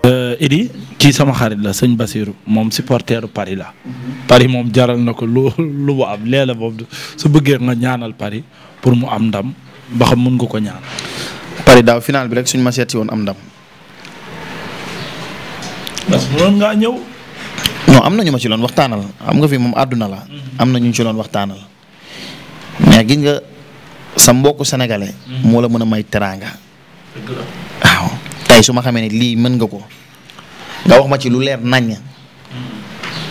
Euh, Idi kii sama xarit la seigne Basiru mom supporteru Paris la Paris mom jaral nako lu lu mu am lee bob su beugé nga ñaanal Paris pour mu am ndam ba xam mën nga ko ñaan. Paris da final bi rek suñ ma seet si am ndam. bas que nga ñew non am na ñu ma ci lon waxtanal am nga fi mom aduna la. am ñu ci lon waxtanal mais gi nga sa mbokk sénégalais. Mm-hmm. mo la mëna may teranga deug la tey su ma xamee ne lii mën nga ko nga wax ma ci lu leer naññ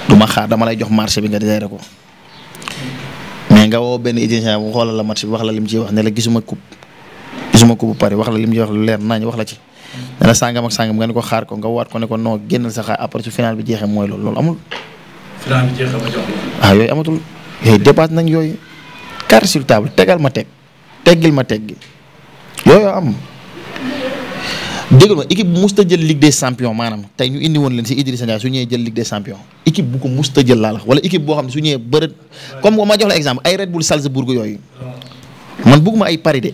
du ma xaar dama lay jox marché bi nga géré ko me nga woo benn étudiant bu xoolal la match wax la lim ciy wax ne la gisuma coupe gisuma coupe wax la lim ciy wax lu leer naññ wax la ci. ne la sàngam ne ko xaar ko nga waat ko ne ko non génnal sa xaar après bi jeexee mooy loolu loolu amul. final bi jeexee ah, amatul yooyu nañ yooyu carte sur tegal ma teg teggil ma teg yooyu am. dégg ma équipe musta jël Ligue des champions manam tay ñu indi won leen ci Idrissa Ndiaye su ñëw jël Ligue des champions équipe bu ko musta jël la la wala équipe bo xamni su ñëw bëri comme ma jox la exemple ay Red Bull Salzburg yoy man bëgguma ay Paris de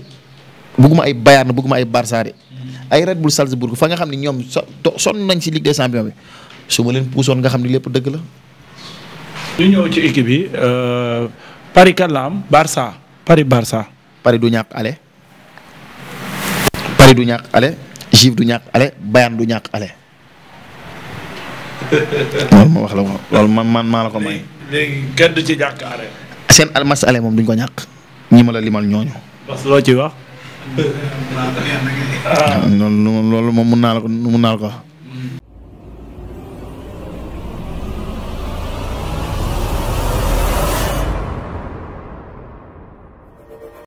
bëgguma ay Bayern bëgguma ay Barça dé ay Red Bull Salzburg fa nga xamni ñom son nañ si Ligue des champions bi su ma leen pousson nga xamni lepp lépp dëgg la. ñu ñëw ci équipe euh Paris kalam Barça Paris Barça. Paris du ñak ale Paris du ñak ale Juve du ñàkk ale Bayern du ñàkk ale loolu ma wax la ko loolu man man maa ko may. léegi kenn du seen almas ale moom duñ ko ñàkk ñi limal ñooñu. loo ci wax. Ah, loolu moom mun naa la ko mun naa ko